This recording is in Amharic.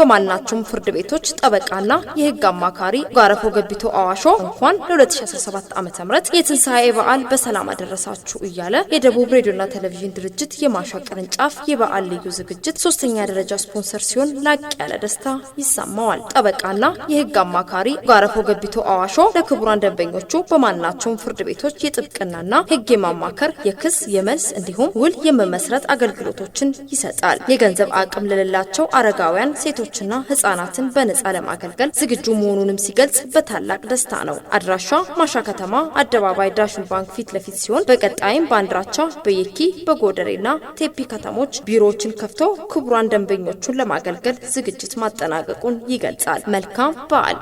በማናቸውም ፍርድ ቤቶች ጠበቃና የህግ አማካሪ ጋረፎ ገቢቶ አዋሾ እንኳን ለ2017 ዓ ም የትንሣኤ በዓል በሰላም አደረሳችሁ እያለ የደቡብ ሬዲዮና ቴሌቪዥን ድርጅት የማሻ ቅርንጫፍ የበዓል ልዩ ዝግጅት ሶስተኛ ደረጃ ስፖንሰር ሲሆን ላቅ ያለ ደስታ ይሰማዋል። ጠበቃና የህግ አማካሪ ጋረፎ ገቢቶ አዋሾ ለክቡራን ደንበኞቹ በማናቸውም ፍርድ ቤቶች የጥብቅናና ህግ የማማከር የክስ የመልስ እንዲሁም ውል የመመስረት አገልግሎቶችን ይሰጣል። የገንዘብ አቅም ለሌላቸው አረጋውያን ሴቶች ሴቶችና ህጻናትን በነጻ ለማገልገል ዝግጁ መሆኑንም ሲገልጽ በታላቅ ደስታ ነው። አድራሻ ማሻ ከተማ አደባባይ ዳሽን ባንክ ፊት ለፊት ሲሆን በቀጣይም በአንድራቻ፣ በየኪ፣ በጎደሬና ቴፒ ከተሞች ቢሮዎችን ከፍቶ ክቡራን ደንበኞቹን ለማገልገል ዝግጅት ማጠናቀቁን ይገልጻል። መልካም በዓል